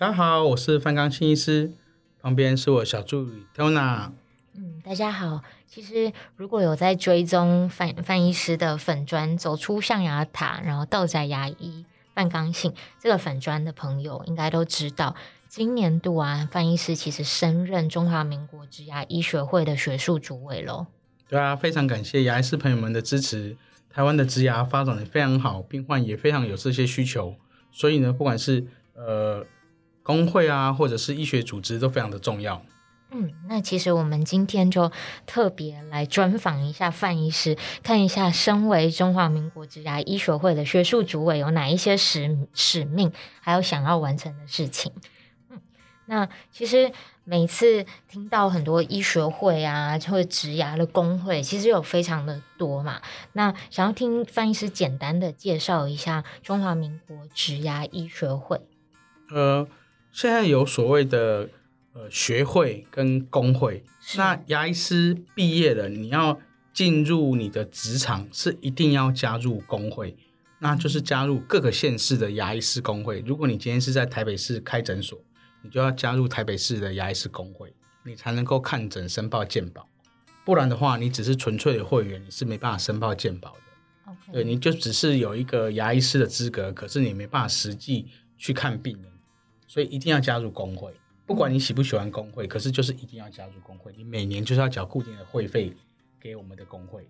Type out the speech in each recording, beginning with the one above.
大家好，我是范綱信醫師，旁邊是我小助理 Tona、嗯。大家好。其實如果有在追蹤范范醫師的粉專「走出象牙塔」，然後到宅牙醫范綱信這個粉專的朋友，應該都知道，今年度啊，范醫師其實升任中華民國植牙醫學會的學術主委囉。對啊，非常感謝牙醫師朋友們的支持。台灣的植牙發展得非常好，病患也非常有這些需求，所以呢，不管是呃。工會啊，或者是醫學組織都非常的重要。嗯，那其實我們今天就特別來專訪一下范醫師，看一下身為中華民國植牙醫學會的學術主委，有哪一些使使命，還有想要完成的事情。嗯，那其實每次聽到很多醫學會啊，或者植牙的工會，其實有非常的多嘛。那想要聽范醫師簡單的介紹一下中華民國植牙醫學會。呃。現在有所謂的呃學會跟工會，那牙醫師畢業了，你要進入你的職場是一定要加入工會，那就是加入各個縣市的牙醫師工會。如果你今天是在台北市開診所，你就要加入台北市的牙醫師工會，你才能夠看診、申報健保。不然的話，你只是純粹的會員，你是沒辦法申報健保的。Okay. 對，你就只是有一個牙醫師的資格，可是你沒辦法實際去看病人。所以一定要加入公會，不管你喜不喜歡公會，可是就是一定要加入公會。你每年就是要繳固定的會費給我們的公會。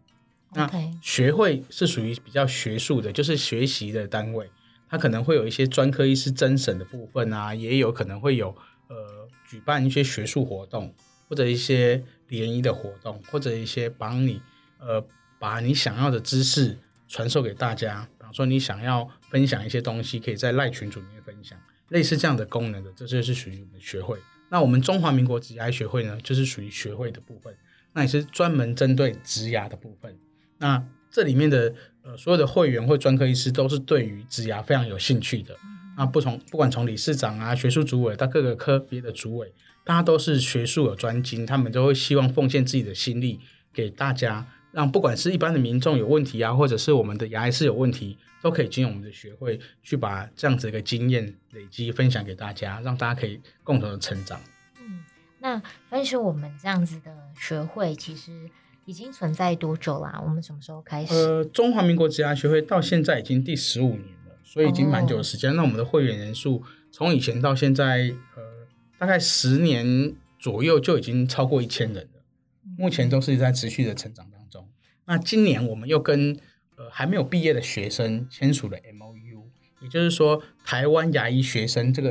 Okay. 那學會是屬於比較學術的，就是學習的單位，它可能會有一些專科醫師甄審的部分啊，也有可能會有呃舉辦一些學術活動，或者一些聯誼的活動，或者一些幫你呃把你想要的知識傳授給大家。比方說你想要分享一些東西，可以在賴群組裡面分享。類似這樣的功能的，這就是屬於我們的學會。那我們中華民國植牙學會呢，就是屬於學會的部分。那也是專門針對植牙的部分。那這裡面的呃所有的會員或專科醫師，都是對於植牙非常有興趣的。那不同，不管從理事長啊、學術主委到各個科別的主委，大家都是學術有專精，他們都會希望奉獻自己的心力給大家，讓不管是一般的民眾有問題啊，或者是我們的牙醫是有問題。都可以進入我們的學會，去把這樣子的一個經驗累積分享給大家，讓大家可以共同的成長。嗯，那但是我們這樣子的學會，其實已經存在多久啦？我們什麼時候開始？呃，中華民國植牙學會到現在已經第十五年了，嗯，所以已經蠻久的時間，哦。那我們的會員人數從以前到現在，呃，大概十年左右就已經超過一千人了，嗯。目前都是在持續的成長當中。嗯、那今年我們又跟呃，還沒有畢業的學生簽署了 MOU，也就是說，台灣牙醫學生這個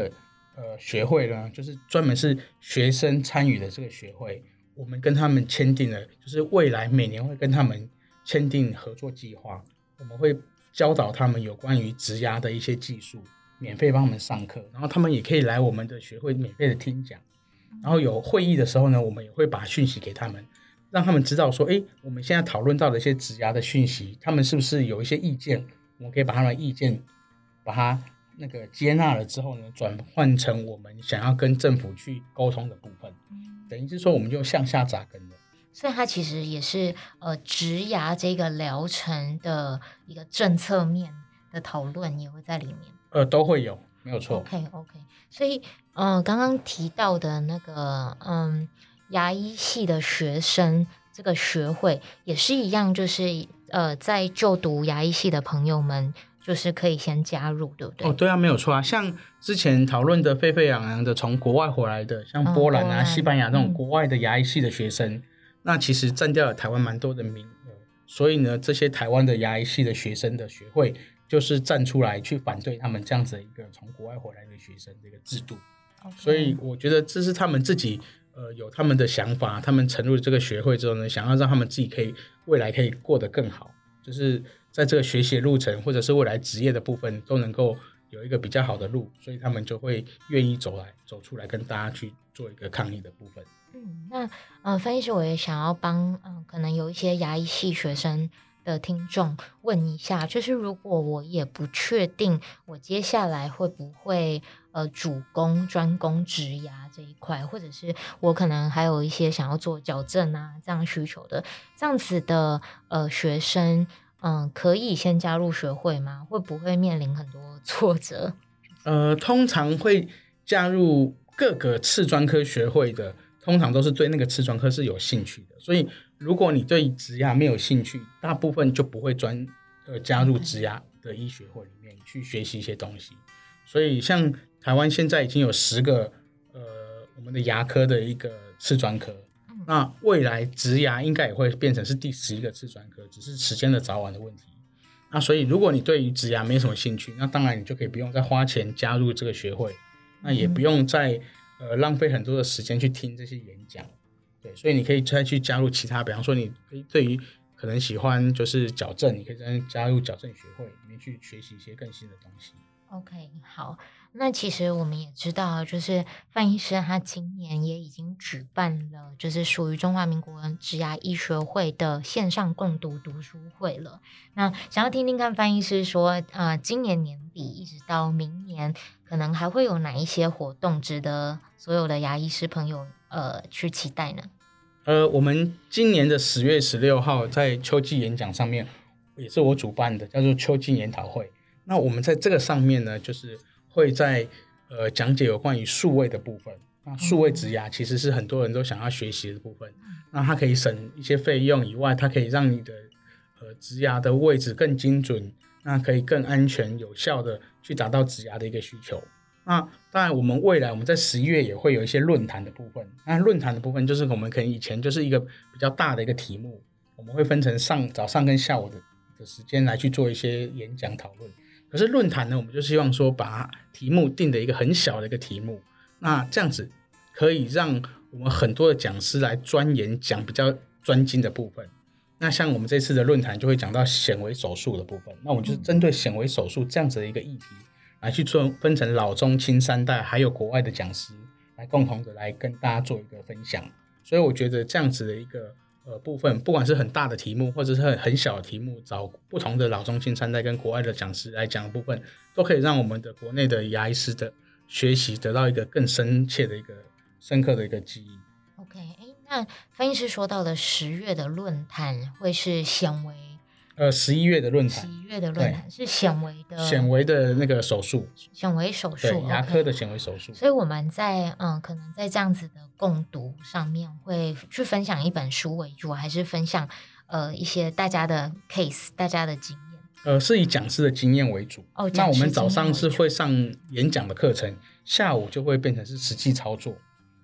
呃學會呢，就是專門是學生參與的這個學會，我們跟他們簽訂了，就是未來每年會跟他們簽訂合作計劃，我們會教導他們有關於植牙的一些技術，免費幫他們上課，然後他們也可以來我們的學會免費的聽講，然後有會議的時候呢，我們也會把訊息給他們。讓他們知道說，哎，我們現在討論到的一些植牙的訊息，他們是不是有一些意見？我們可以把他們的意見，把它那個接納了之後呢，轉換成我們想要跟政府去溝通的部分。嗯、等於是說，我們就向下扎根了。所以，它其實也是呃植牙這個療程的一個政策面的討論，也會在裡面。呃，都會有，沒有錯。OK，OK okay, okay.。所以，呃，剛剛提到的那個，嗯。牙醫系的學生，這個學會也是一樣，就是呃，在就讀牙醫系的朋友們，就是可以先加入，對不對？哦，對啊，沒有錯啊。像之前討論的沸沸揚揚的，從國外回來的，像波蘭啊、嗯、西班牙那種、嗯、國外的牙醫系的學生，那其實佔掉了台灣蠻多的名額、呃。所以呢，這些台灣的牙醫系的學生的學會，就是站出來去反對他們這樣子一個從國外回來的學生這個制度。Okay. 所以我覺得這是他們自己。呃，有他們的想法，他們沉入這個學會之後呢，想要讓他們自己可以未來可以過得更好，就是在這個學習的路程或者是未來職業的部分都能夠有一個比較好的路，所以他們就會願意走來走出來跟大家去做一個抗議的部分。嗯，那呃，范醫師，我也想要幫嗯、呃，可能有一些牙醫系學生的聽眾問一下，就是如果我也不確定我接下來會不會。呃，主攻專攻植牙這一塊，或者是我可能還有一些想要做矯正啊這樣需求的這樣子的呃學生，嗯、呃，可以先加入學會嗎？會不會面臨很多挫折？呃，通常會加入各個次專科學會的，通常都是對那個次專科是有興趣的。所以如果你對植牙沒有興趣，大部分就不會專呃加入植牙的醫學會裡面，嗯、去學習一些東西。所以像。台灣現在已經有十個，呃，我們的牙科的一個次專科，那未來植牙應該也會變成是第十一個次專科，只是時間的早晚的問題。那所以，如果你對於植牙沒有什麼興趣，那當然你就可以不用再花錢加入這個學會，那也不用再呃浪費很多的時間去聽這些演講。對，所以你可以再去加入其他，比方說你對於可能喜歡就是矯正，你可以再加入矯正學會裡面去學習一些更新的東西。OK，好，那其實我們也知道，就是范醫師他今年也已經舉辦了，就是屬於中華民國植牙醫學會的線上共讀讀書會了。那想要聽聽看范醫師說，呃，今年年底一直到明年，可能還會有哪一些活動值得所有的牙醫師朋友呃去期待呢？呃，我們今年的十月十六號在秋季演講上面，也是我主辦的，叫做秋季研討會。那我們在這個上面呢，就是會在呃講解有關於數位的部分。那數位植牙其實是很多人都想要學習的部分。那它可以省一些費用以外，它可以讓你的呃植牙的位置更精準，那可以更安全有效的去達到植牙的一個需求。那當然，我們未來我們在十一月也會有一些論壇的部分。那論壇的部分就是我們可能以前就是一個比較大的一個題目，我們會分成上早上跟下午的的時間來去做一些演講討論。可是論壇呢，我們就希望說，把題目定的一個很小的一個題目，那這樣子可以讓我們很多的講師來鑽研講比較專精的部分。那像我們這次的論壇就會講到顯微手術的部分，那我們就是針對顯微手術這樣子的一個議題來去做分成老中青三代，還有國外的講師來共同的來跟大家做一個分享。所以我覺得這樣子的一個。呃，部分不管是很大的題目，或者是很，很小的題目，找不同的老中青三代跟國外的講師來講的部分，都可以讓我們的國內的牙醫師的學習得到一個更深切的一個深刻的一個記憶。OK，哎，那翻譯師說到的十月的論壇會是纖維。呃，十一月的論壇，十一月的論壇是顯微的，顯微的那個手術，顯微手術、OK，牙科的顯微手術。所以我們在嗯、呃，可能在這樣子的共讀上面，會去分享一本書為主，還是分享呃一些大家的 case，大家的經驗。呃，是以講師的經驗為主。哦，講師經驗為主，那我們早上是會上演講的課程，下午就會變成是實際操作。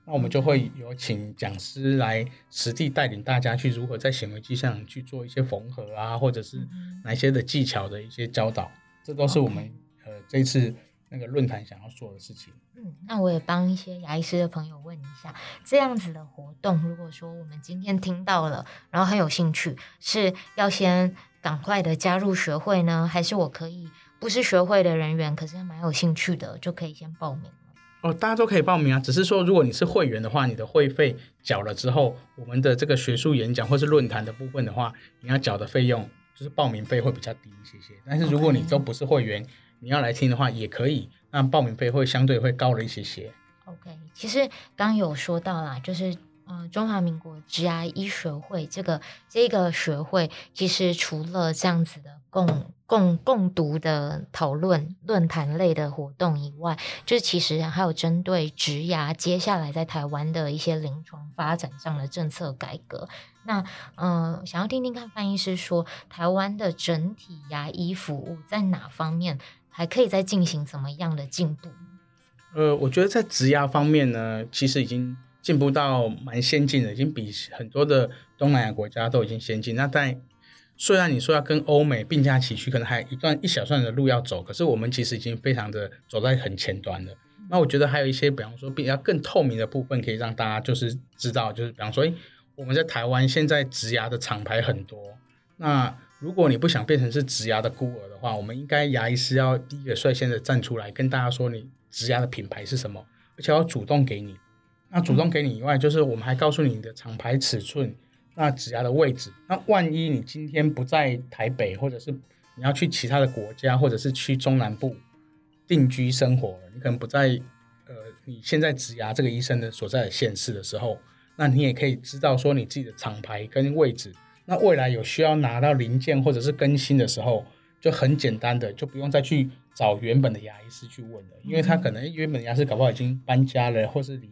那我們就會有請講師來實地帶領大家去如何在顯微鏡上去做一些縫合啊，或者是哪一些的技巧的一些教導，嗯、這都是我們呃、嗯、這次那個論壇想要做的事情。嗯，那我也幫一些牙醫師的朋友問一下，這樣子的活動，如果說我們今天聽到了，然後很有興趣，是要先趕快的加入學會呢，還是我可以不是學會的人員，可是還蠻有興趣的，就可以先報名？哦，大家都可以報名啊。只是說，如果你是會員的話，你的會費繳了之後，我們的這個學術演講或是論壇的部分的話，你要繳的費用就是報名費會比較低一些些。但是如果你都不是會員，okay. 你要來聽的話也可以，那報名費會相對會高了一些些。OK，其實剛有說到啦，就是。嗯、呃，中華民國植牙醫學會這個這個學會，其實除了這樣子的共共共讀的討論論壇類的活動以外，就是其實還有針對植牙接下來在台灣的一些臨床發展上的政策改革。那嗯、呃，想要聽聽看范醫師說，台灣的整體牙醫服務在哪方面還可以再進行怎麼樣的進步？呃，我覺得在植牙方面呢，其實已經。進步到蠻先進的，已經比很多的東南亞國家都已經先進。那在雖然你說要跟歐美並駕齊驅，可能還有一段一小段的路要走，可是我們其實已經非常的走在很前端了。那我覺得還有一些，比方說比較更透明的部分，可以讓大家就是知道，就是比方說，誒，我們在台灣現在植牙的廠牌很多，那如果你不想變成是植牙的孤兒的話，我們應該牙醫師要第一個率先的站出來跟大家說，你植牙的品牌是什麼，而且要主動給你，那主動給你以外，就是我們還告訴你，你的廠牌尺寸，那植牙的位置。那萬一你今天不在台北，或者是你要去其他的國家，或者是去中南部定居生活了，你可能不在呃你現在植牙這個醫生的所在的縣市的時候，那你也可以知道說你自己的廠牌跟位置。那未來有需要拿到零件或者是更新的時候，就很簡單的就不用再去找原本的牙醫師去問了，因為他可能、欸、原本牙醫師搞不好已經搬家了，或是離。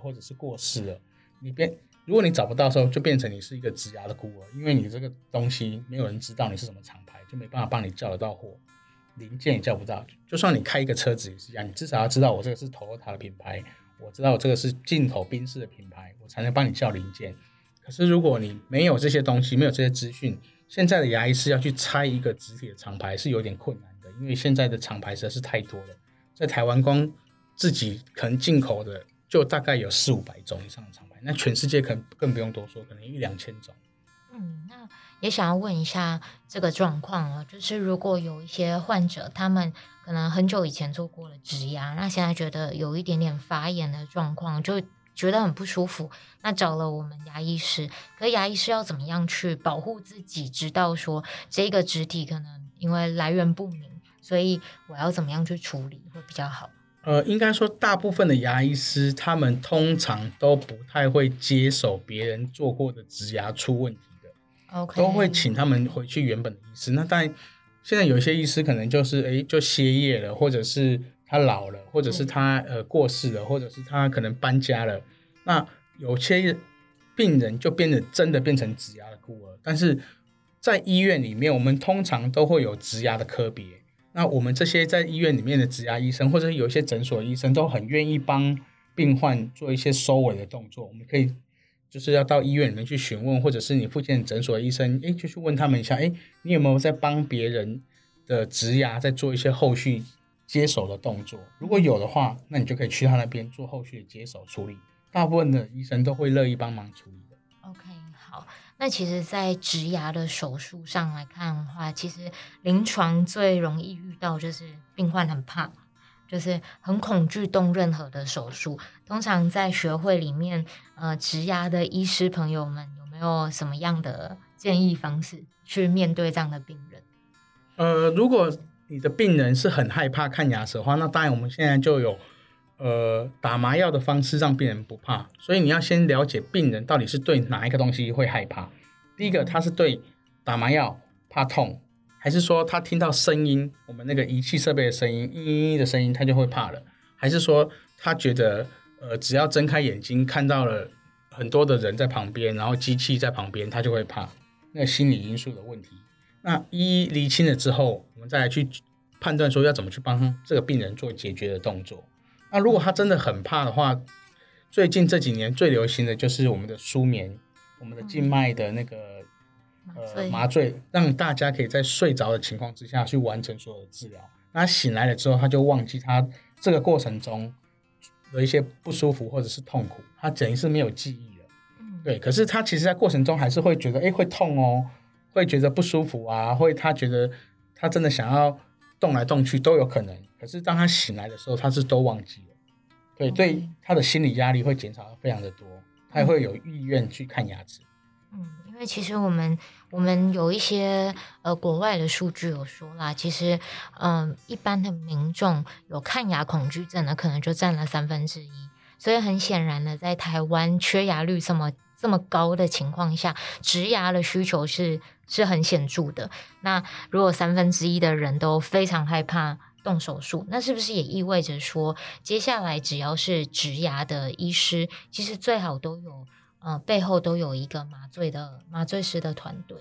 或者是過世了，你變，如果你找不到的時候，就變成你是一個植牙的孤兒，因為你這個東西沒有人知道你是什麼廠牌，就沒辦法幫你叫得到貨，零件也叫不到。就算你開一個車子也是一樣，你至少要知道我這個是 Toyota 的品牌，我知道我這個是進口賓士的品牌，我才能幫你叫零件。可是如果你沒有這些東西，沒有這些資訊，現在的牙醫是要去拆一個植體的廠牌是有點困難的，因為現在的廠牌實在是太多了，在台灣光自己可能進口的。就大概有四五百種以上的廠牌，那全世界可能更不用多說，可能一兩千種。嗯，那也想要問一下這個狀況哦，就是如果有一些患者，他們可能很久以前做過了植牙，那現在覺得有一點點發炎的狀況，就覺得很不舒服，那找了我們牙醫師，可是牙醫師要怎麼樣去保護自己，知道說這個植體可能因為來源不明，所以我要怎麼樣去處理會比較好？呃，應該說，大部分的牙醫師，他們通常都不太會接手別人做過的植牙出問題的，Okay. 都會請他們回去原本的醫師。那當然，現在有一些醫師可能就是哎、欸，就歇業了，或者是他老了，或者是他呃過世了，或者是他可能搬家了。那有些病人就變得真的變成植牙的孤兒。但是在醫院裡面，我們通常都會有植牙的科別。那我們這些在醫院裡面的植牙醫生，或者有一些診所醫生，都很願意幫病患做一些收尾的動作。我們可以，就是要到醫院裡面去詢問，或者是你附近的診所的醫生，哎，就去問他們一下，哎，你有沒有在幫別人的植牙在做一些後續接手的動作？如果有的話，那你就可以去他那邊做後續的接手處理。大部分的醫生都會樂意幫忙處理的。OK，好。那其實，在植牙的手術上來看的話，其實臨床最容易遇到就是病患很怕，就是很恐懼動任何的手術。通常在學會裡面，呃，植牙的醫師朋友們有沒有什麼樣的建議方式去面對這樣的病人？呃，如果你的病人是很害怕看牙齒的話，那當然我們現在就有。呃，打麻藥的方式讓病人不怕，所以你要先了解病人到底是對哪一個東西會害怕。第一個，他是對打麻藥怕痛，還是說他聽到聲音，我們那個儀器設備的聲音，嚶嚶嚶的聲音，他就會怕了？還是說他覺得，呃，只要睜開眼睛看到了很多的人在旁邊，然後機器在旁邊，他就會怕？那個心理因素的問題，那一一釐清了之後，我們再來去判斷說要怎麼去幫這個病人做解決的動作。那、啊、如果他真的很怕的話，最近這幾年最流行的就是我們的舒眠，我們的靜脈的那個、嗯、呃麻醉，讓大家可以在睡着的情況之下去完成所有的治療。那他醒來了之後，他就忘記他這個過程中有一些不舒服或者是痛苦，他整於等於是沒有記憶了、嗯。對，可是他其實在過程中還是會覺得，哎，會痛哦，會覺得不舒服啊，會他覺得他真的想要動來動去都有可能。可是當他醒來的時候，他是都忘記了。對對，他的心理壓力會減少非常的多，他會有意願去看牙齒。嗯，因為其實我們我們有一些呃國外的數據有說啦，其實嗯、呃、一般的民眾有看牙恐懼症的，可能就佔了三分之一。所以很顯然的，在台灣缺牙率這麼這麼高的情況下，植牙的需求是是很顯著的。那如果三分之一的人都非常害怕，動手術，那是不是也意味着說，接下來只要是植牙的醫師，其實最好都有，呃，背後都有一個麻醉的麻醉師的團隊。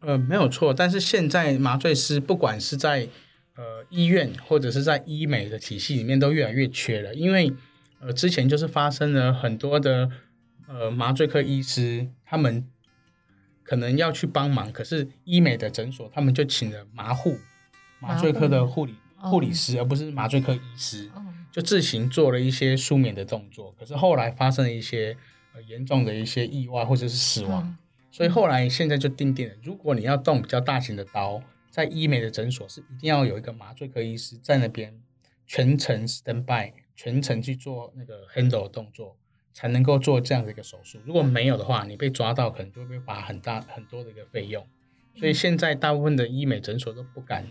呃，沒有錯，但是現在麻醉師不管是在呃醫院或者是在醫美的體系裡面都越來越缺了，因為呃之前就是發生了很多的呃麻醉科醫師他們可能要去幫忙，可是醫美的診所他們就請了麻護麻醉科的護理護理師，而不是麻醉科醫師，oh. 就自行做了一些舒眠的動作，可是後來發生了一些呃、嚴重的一些意外或者是死亡，mm. 所以後來現在就定定了，如果你要動比較大型的刀，在醫美的診所是一定要有一個麻醉科醫師在那邊全程 standby，全程去做那個 handle 的動作，才能夠做這樣的一個手術。如果沒有的話，你被抓到可能就會被罰很大很多的一個費用，所以現在大部分的醫美診所都不敢。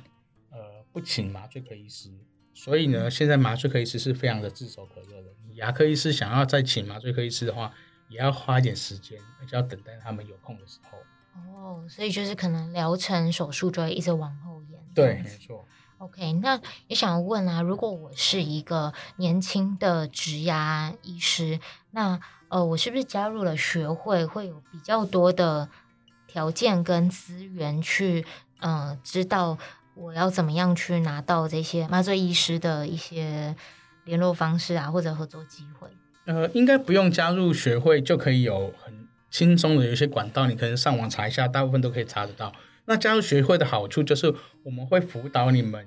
不請麻醉科醫師，所以呢，現在麻醉科醫師是非常的炙手可熱的。你牙科醫師想要再請麻醉科醫師的話，也要花一點時間，而且要等待他們有空的時候。哦，所以就是可能療程手術就會一直往後延。對，沒錯。OK，那也想問啊，如果我是一個年輕的植牙醫師，那呃，我是不是加入了學會，會有比較多的條件跟資源去，嗯、呃，知道？我要怎麼樣去拿到這些麻醉醫師的一些聯絡方式啊，或者合作機會？呃，應該不用加入學會就可以有很輕鬆的一些管道，你可能上網查一下，大部分都可以查得到。那加入學會的好處就是我們會輔導你們，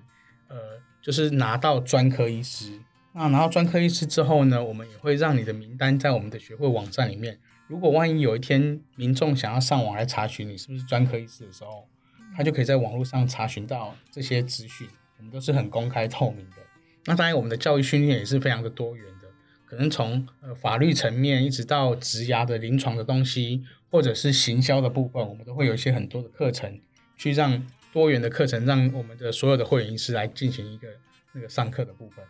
呃，就是拿到專科醫師。那拿到專科醫師之後呢，我們也會讓你的名單在我們的學會網站裡面。如果萬一有一天民眾想要上網來查詢你是不是專科醫師的時候，他就可以在網絡上查詢到這些資訊，我們都是很公開透明的。那當然，我們的教育訓練也是非常的多元的，可能從呃法律層面一直到植牙的臨床的東西，或者是行銷的部分，我們都會有一些很多的課程，去讓多元的課程讓我們的所有的會員醫師來進行一個那個上課的部分。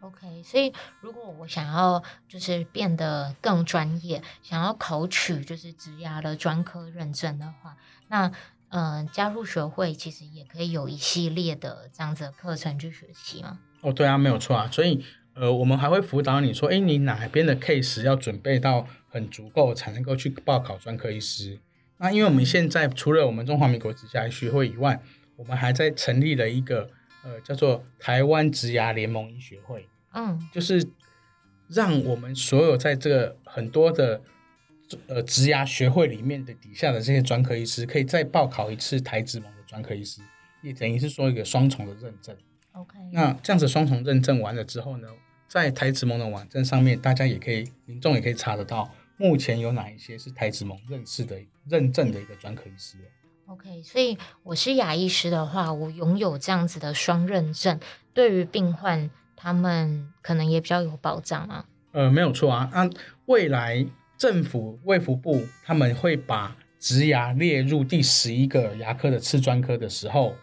OK，所以如果我想要就是變得更專業，想要考取就是植牙的專科認證的話，那。呃、嗯，加入學會其實也可以有一系列的這樣子的課程去學習嘛。哦，對啊，沒有錯啊。所以，呃，我們還會輔導你說，哎、欸，你哪邊的 case 要準備到很足夠才能夠去報考專科醫師。那因為我們現在、嗯、除了我們中華民國植牙醫學會以外，我們還在成立了一個呃叫做台灣植牙聯盟醫學會。嗯，就是讓我們所有在這個很多的。呃，植牙學會裡面的底下的這些專科醫師，可以再報考一次台植盟的專科醫師，也等於是說一個雙重的認證。OK，那這樣子雙重認證完了之後呢，在台植盟的網站上面，大家也可以民眾也可以查得到，目前有哪一些是台植盟認識的認證的一個專科醫師。OK，所以我是牙醫師的話，我擁有這樣子的雙認證，對於病患他們可能也比較有保障啊。呃，沒有錯啊，那，啊，未來。政府衛福部他們會把植牙列入第十一個牙科的次專科的時候，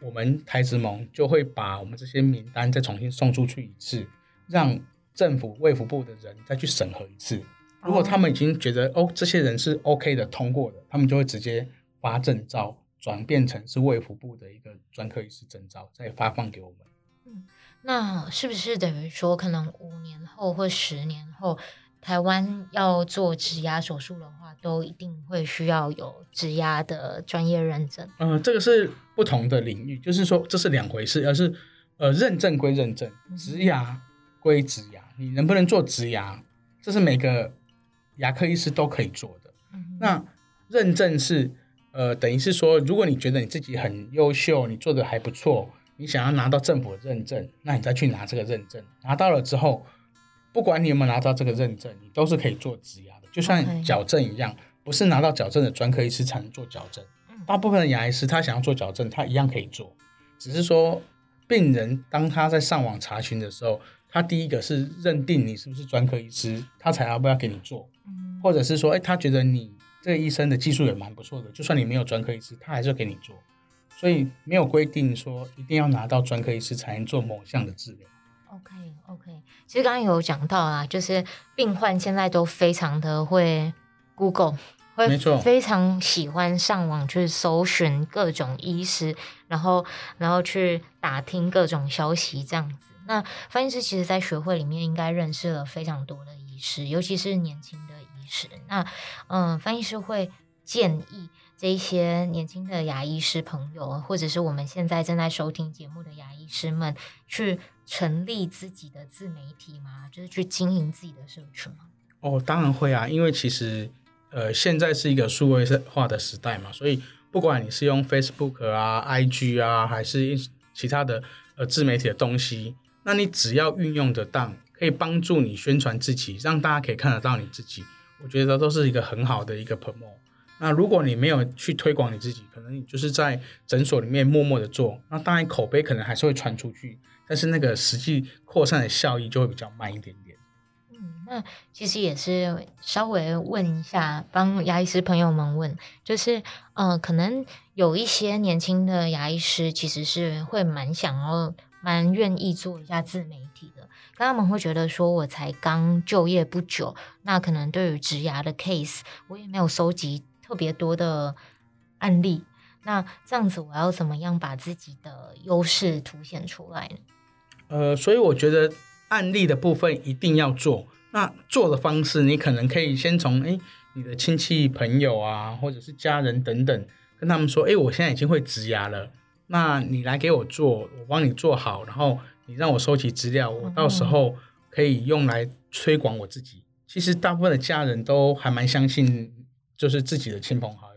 我們台植盟就會把我們這些名單再重新送出去一次，讓政府衛福部的人再去審核一次。如果他們已經覺得哦，哦這些人是 OK 的、通過的，他們就會直接發證照，轉變成是衛福部的一個專科醫師證照，再發放給我們。嗯，那是不是等於說可能五年後或十年後？台灣要做植牙手術的話，都一定會需要有植牙的專業認證。嗯、呃，這個是不同的領域，就是說這是兩回事，而是呃，認證歸認證，植牙歸植牙。嗯。你能不能做植牙，這是每個牙科醫師都可以做的。嗯，那認證是呃，等於是說，如果你覺得你自己很優秀，你做得還不錯，你想要拿到政府認證，那你再去拿這個認證，拿到了之後。不管你有沒有拿到這個認證，你都是可以做植牙的，就像矯正一樣，不是拿到矯正的專科醫師才能做矯正。大部分的牙醫師他想要做矯正，他一樣可以做，只是說病人當他在上網查詢的時候，他第一個是認定你是不是專科醫師，他才要不要給你做，或者是說，哎、欸，他覺得你這個醫生的技術也蠻不錯的，就算你沒有專科醫師，他還是要給你做。所以沒有規定說一定要拿到專科醫師才能做某項的治療。OK，OK，okay, okay. 其實剛剛有講到啦、啊，就是病患現在都非常的會 Google，會，沒錯，非常喜歡上網去搜尋各種醫師，然後然後去打聽各種消息這樣子。那范醫師其實在學會裡面應該認識了非常多的醫師，尤其是年輕的醫師。那嗯，范醫師會建議這一些年輕的牙醫師朋友，或者是我們現在正在收聽節目的牙醫師們去成立自己的自媒體嗎？就是去經營自己的社群嗎？哦，當然會啊，因為其實，呃，現在是一個數位化的時代嘛，所以不管你是用 Facebook 啊、IG 啊，還是其他的呃自媒體的東西，那你只要運用得當，可以幫助你宣傳自己，讓大家可以看得到你自己，我覺得都是一個很好的一個 promote。那如果你沒有去推廣你自己，可能你就是在診所裡面默默的做，那當然口碑可能還是會傳出去。但是那個實際擴散的效益就會比較慢一點點。嗯，那其實也是稍微問一下，幫牙醫師朋友們問，就是呃，可能有一些年輕的牙醫師其實是會蠻想要、蠻願意做一下自媒體的，但他們會覺得說，我才剛就業不久，那可能對於植牙的 case，我也沒有收集特別多的案例。那這樣子，我要怎麼樣把自己的優勢凸顯出來呢？呃，所以我覺得案例的部分一定要做。那做的方式，你可能可以先從哎、欸，你的親戚朋友啊，或者是家人等等，跟他們說，哎、欸，我現在已經會植牙了，那你來給我做，我幫你做好，然後你讓我收集資料，我到時候可以用來推廣我自己。嗯嗯。其實大部分的家人都還蠻相信，就是自己的親朋好友。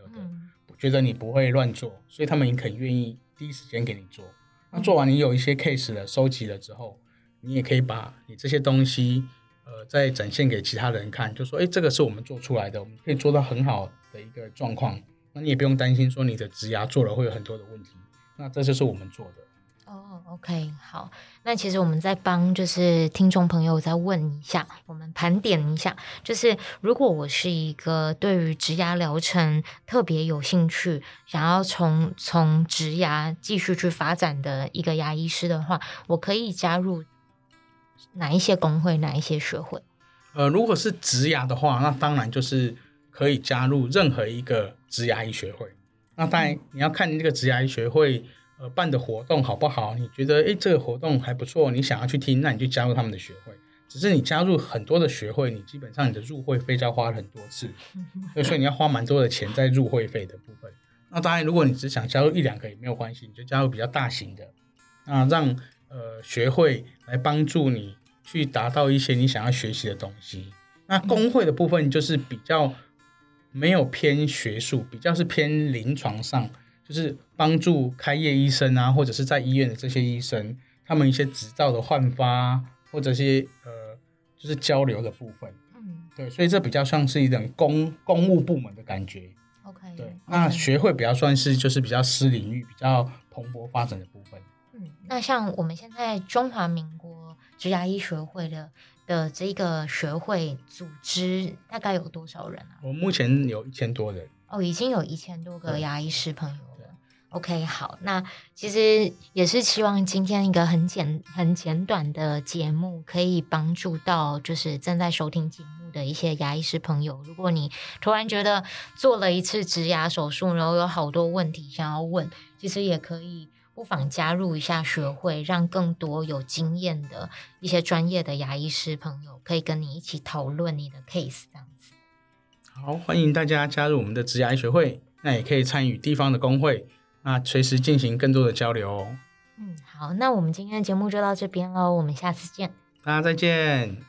覺得你不會亂做，所以他們也肯願意第一時間給你做。那做完你有一些 case 了，收集了之後，你也可以把你這些東西，呃，再展現給其他人看，就說，哎，這個是我們做出來的，我們可以做到很好的一個狀況。那你也不用擔心說你的植牙做了會有很多的問題，那這就是我們做的。哦、oh，OK，好，那其實我們再幫就是聽眾朋友再問一下，我們盤點一下，就是如果我是一個對於植牙療程特別有興趣，想要從從植牙繼續去發展的一個牙醫師的話，我可以加入哪一些工會，哪一些學會？呃，如果是植牙的話，那當然就是可以加入任何一個植牙醫學會。那當然、嗯、你要看你這個植牙醫學會。呃，辦的活動好不好？你覺得？誒，這個活動還不錯，你想要去聽，那你就加入他們的學會。只是你加入很多的學會，你基本上你的入會費就要花很多次，所以你要花蠻多的錢在入會費的部分。那當然，如果你只想加入一兩個也沒有關係，你就加入比較大型的，那讓呃學會來幫助你去達到一些你想要學習的東西。那工會的部分就是比較沒有偏學術，比較是偏臨床上。就是幫助開業醫生啊，或者是在醫院的這些醫生，他們一些執照的換發啊，或者一些呃，就是交流的部分。嗯，對，所以這比較像是一種公公務部門的感覺。OK，對，okay. 那學會比較算是就是比較私領域比較蓬勃發展的部分。嗯，那像我們現在中華民國植牙醫學會的的這個學會組織，大概有多少人啊？我目前有一千多人。哦，已經有一千多個牙醫師朋友。OK，好，那其實也是希望今天一個很簡、很簡短的節目，可以幫助到就是正在收聽節目的一些牙醫師朋友。如果你突然覺得做了一次植牙手術，然後有好多問題想要問，其實也可以不妨加入一下學會，讓更多有經驗的一些專業的牙醫師朋友可以跟你一起討論你的 case，這樣子。好，歡迎大家加入我們的植牙醫學會，那也可以參與地方的工會。啊，隨時進行更多的交流哦。嗯，好，那我們今天的節目就到這邊嘍哦，我們下次見，大家再見。